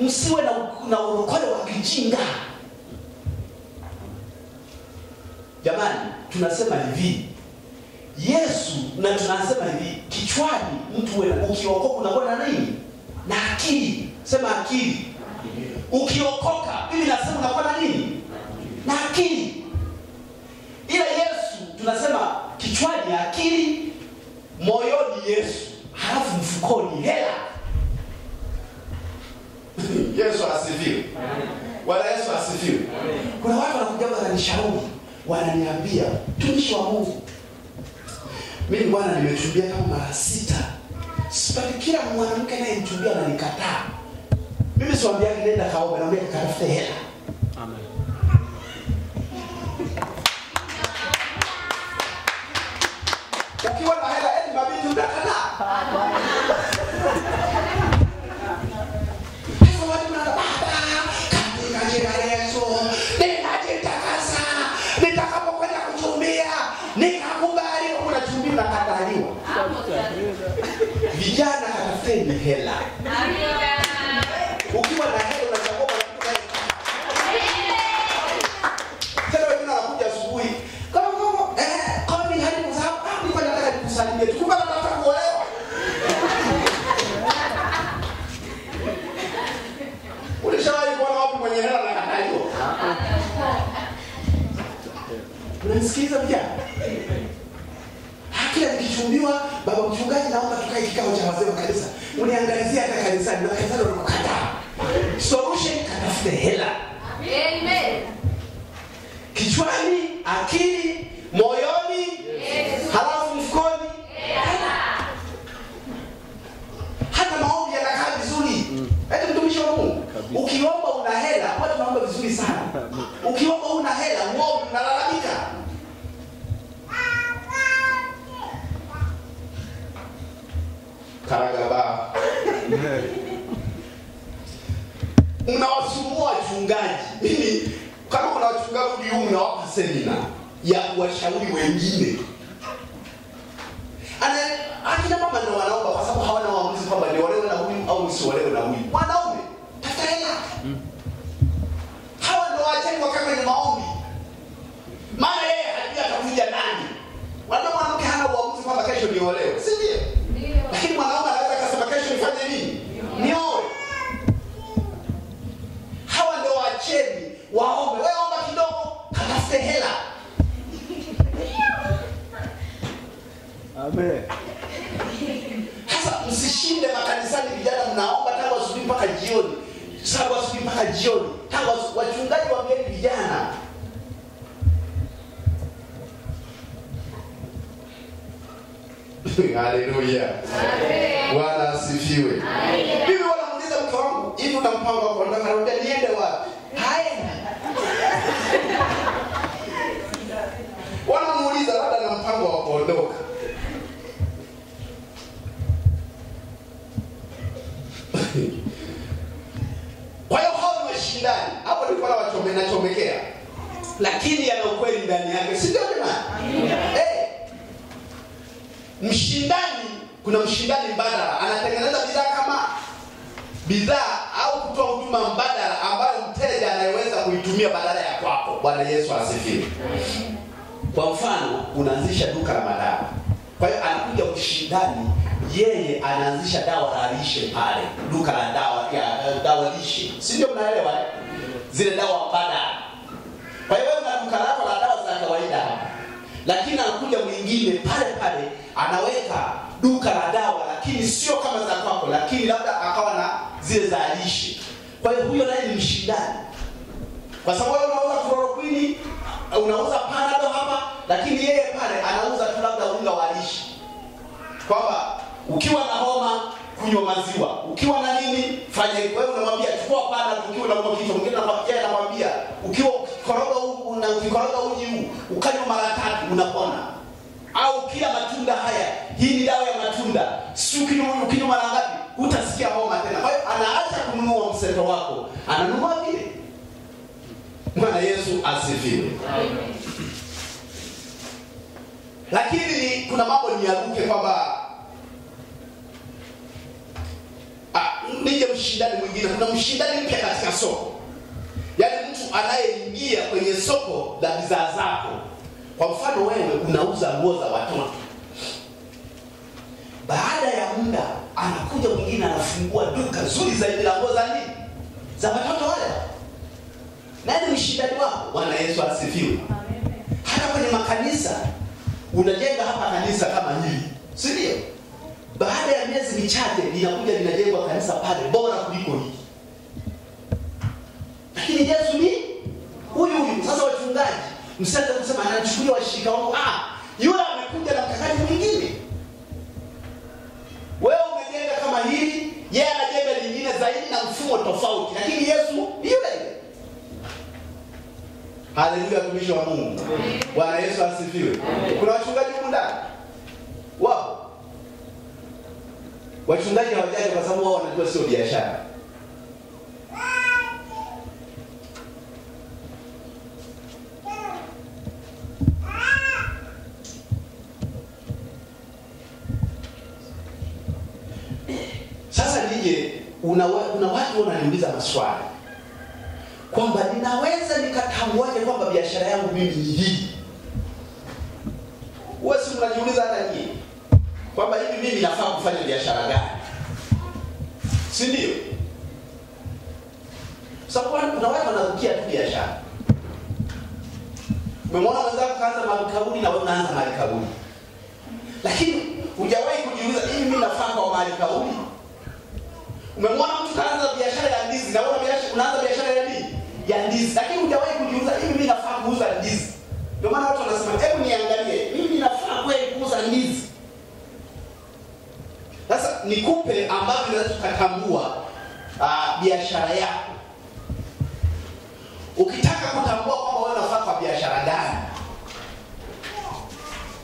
msiwe na, na urokole wa kijinga jamani tunasema hivi yesu na tunasema hivi kichwani mtu ukiokoka unakuwa na nini na akili sema akili ukiokoka mimi nasema unakuwa na nini na akili ila yesu tunasema kichwani akili moyoni yesu halafu mfukoni hela Yesu asifiwe. Wala Yesu asifiwe. Kuna watu wanakuja wananishauri, wananiambia tumishi wa Mungu, mimi bwana, nimetumbia kama mara sita, sipati kila mwanamke anayemtumbia ananikataa. Mimi siwambiagi nenda kaombe, naambia katafute hela. Amen. Ukiwa na hela eti mabinti utakataa. hela. Ukiwa na hela unachagua marafiki naye. Tena wengine wanakuja asubuhi. Kama kama eh kama ni hadi kusahabu, ah nilikuwa nataka nikusalimie. Tukumbuka nataka kuolewa. Ulishawahi kuona wapi mwenye hela na kata hiyo? Unanisikiza vijana? Ah, kila nikichumbiwa baba mchungaji, naomba tukae kikao cha wazee wa kanisa mliangalizia hata kanisani na kanisani wakakataa. Solution katafute hela. Amen. Kichwani, akili, moyoni, yes. halafu mfukoni. Hela. Hata maombi yanakaa vizuri. Eti mtumishi wa Mungu, ukiomba una hela, watu wanaomba vizuri sana. Uki kuwashauri wengine haleluya bwana asifiwe bibi wanamuuliza mke wangu hivi utampango kuondoka kutoa huduma mbadala ambayo mteja anayeweza kuitumia badala ya kwako. Bwana Yesu asifiwe. Kwa mfano, unaanzisha duka la madawa, kwa hiyo anakuja mshindani, yeye anaanzisha dawa la lishe pale, duka la dawa ya dawa lishe, si ndio? Mnaelewa zile dawa mbadala. Kwa hiyo na duka lako la dawa za kawaida hapa, lakini anakuja mwingine pale pale anaweka duka la dawa, lakini sio kama za kwako, lakini labda akawa na zile za lishe kwa hiyo huyo naye ni mshindani, kwa sababu wewe unauza chloroquine, unauza panado hapa, lakini yeye pale anauza tu labda unga wa lishe, kwamba ukiwa na homa kunywa maziwa, ukiwa na nini fanya hivyo. Wewe unamwambia chukua pana, ukiwa na kitu mwingine, anakwambia anamwambia ukiwa ukikoroga huu na ukikoroga uji huu ukanywa mara tatu unapona, au kila matunda haya. Hii ni dawa ya matunda, sio kinyo huyu kinyo mara ngapi hutasikia homa tena. Kwa hiyo anaacha kununua mseto wako, ananunua vile. Bwana Yesu asifiwe. Lakini kuna mambo niaruke kwamba ah, nije mshindani mwingine. Kuna mshindani mpya katika soko, yaani mtu anayeingia kwenye soko la bidhaa zako. Kwa mfano, wewe unauza nguo za watoto anakuja mwingine anafungua duka zuri zaidi la nguo za nini za watoto wale nani mshindani wao bwana yesu asifiwe hata kwenye makanisa unajenga hapa kanisa kama hili si ndio baada ya miezi michache linakuja linajengwa kanisa pale bora kuliko hili lakini yesu ni huyu huyu sasa wachungaji msianze kusema anachukulia washirika wangu ah yule kipimo tofauti, lakini Yesu yule. Haleluya, tumishi wa Mungu. Bwana Yesu asifiwe. Kuna wachungaji huko wao wachungaji hawajaja kwa sababu wao wanajua sio biashara una, una watu wananiuliza maswali kwamba ninaweza nikatambuaje kwamba biashara yangu mimi ni hii. Wewe mnajiuliza hata nyinyi kwamba hivi mimi nafaa kufanya biashara gani, si ndio? Sababu so, kuna watu wanarukia tu biashara. Umemwona mwenzako kaanza malikauli na wewe unaanza malikauli, lakini hujawahi kujiuliza hivi mimi nafaa kwa malikauli Umemwona mtu kaanza biashara ya ndizi na wewe unaanza biashara ya nini? Ya ndizi. Lakini hujawahi kujiuliza hivi mimi nafaa kuuza ndizi. Ndio maana watu wanasema hebu niangalie mimi ninafaa kweli kuuza ndizi. Sasa nikupe ambavyo unaweza tukatambua uh, ah, biashara yako. Ukitaka kutambua kwamba wewe unafaa kwa biashara gani?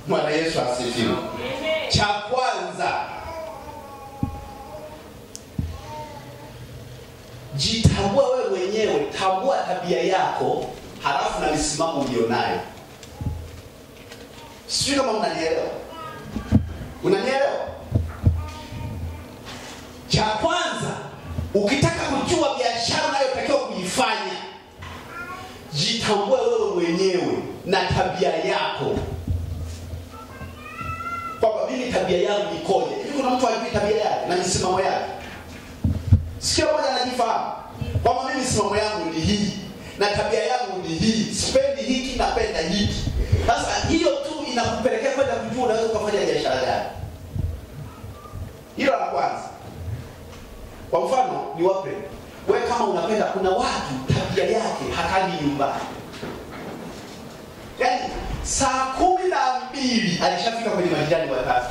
Bwana Yesu asifiwe. Cha jitambua wewe mwenyewe, tambua tabia yako, halafu na misimamo ulionayo. Sijui kama unanielewa. unanielewa? Cha kwanza, ukitaka kujua biashara unayotakiwa kuifanya, jitambue wewe mwenyewe na tabia yako kwamba mimi tabia yangu ikoje. Hivi kuna mtu ajui tabia yake na misimamo yake? Sikia moja anajifahamu kwamba mimi simamo yangu ni hii na tabia yangu ni hii, sipendi hiki, napenda hiki. Sasa hiyo tu inakupelekea kwenda kujua unaweza ukafanya biashara gani. Hilo la kwanza. Kwa mfano ni wape we kama unapenda, kuna watu tabia yake hakani nyumbani, yaani saa kumi na mbili alishafika kwenye majirani watatu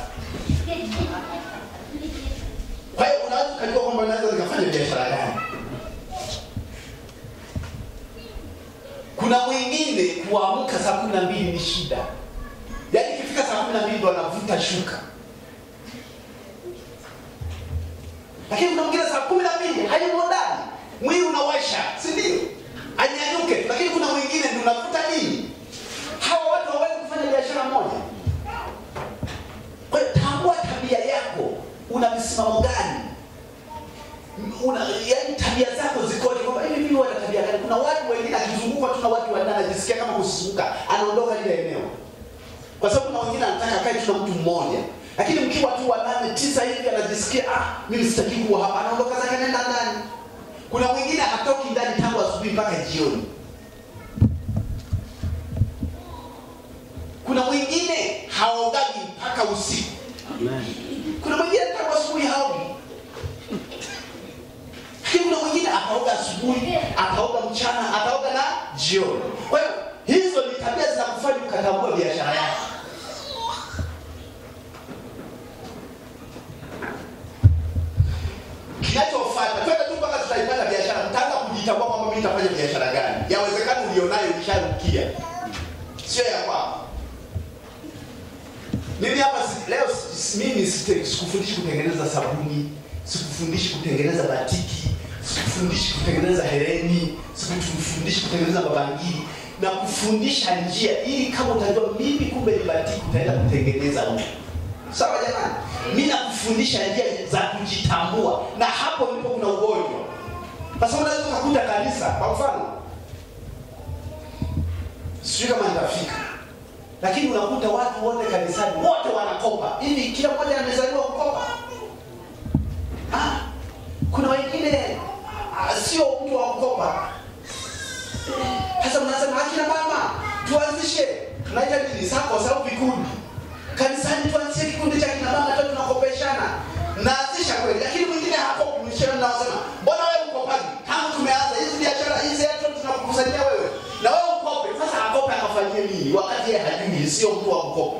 alijua kwamba naweza nikafanya biashara gani. Kuna mwingine kuamka saa kumi na mbili ni shida, yaani ikifika saa kumi na mbili ndo anavuta shuka. Lakini kuna mwingine saa kumi na mbili hayumo ndani, mwili unawasha, si ndio? Anyanyuke, lakini kuna mwingine ndio unavuta nini. Hawa watu hawawezi kufanya biashara moja. Kwa hiyo tambua tabia yako, una msimamo gani? anasikia kama kusisimka, anaondoka lile eneo, kwa sababu kuna wengine anataka akae tu na mtu mmoja, lakini mkiwa tu wanane tisa hivi anajisikia ah, mimi sitaki kuwa hapa, anaondoka zake, nenda ndani. Kuna mwingine hatoki ndani tangu asubuhi mpaka jioni. Kuna mwingine haogaji mpaka usiku. Kuna mwingine tangu asubuhi haogi lakini kuna mwingine akaoga asubuhi, akaoga mchana, akaoga na jioni. Kwa hiyo katambua biashara yako kinachofata kwenda tu mpaka tutaipata biashara tutaanza kujitambua kwamba mi nitafanya biashara gani yawezekana ulionayo ulisharukia sio ya kwa mimi hapa leo mimi sikufundishi kutengeneza sabuni sikufundishi kutengeneza batiki sikufundishi kutengeneza hereni sikufundishi kutengeneza mabangili na kufundisha njia, ili kama utajua mimi kumbe ni batiki, utaenda kutengeneza huko. Sawa jamani, mimi nakufundisha njia za kujitambua, na hapo ndipo kuna ugonjwa. Sasa unaweza ukakuta kanisa, kwa mfano, sijui kama nitafika, lakini unakuta watu wote kanisani wote wanakopa hivi, kila mmoja anazaliwa kukopa tunajadili SACCOS au vikundi kanisani, tuanzie kikundi cha kina mama tu tunakopeshana, naanzisha kweli, lakini mwingine hapo kumshia na wasema, mbona wewe uko pale? Kama tumeanza hizi biashara hizi yetu tunakukusanyia wewe na wewe ukope. Sasa akope akafanyie nini wakati yeye hajui, sio mtu wa kukopa?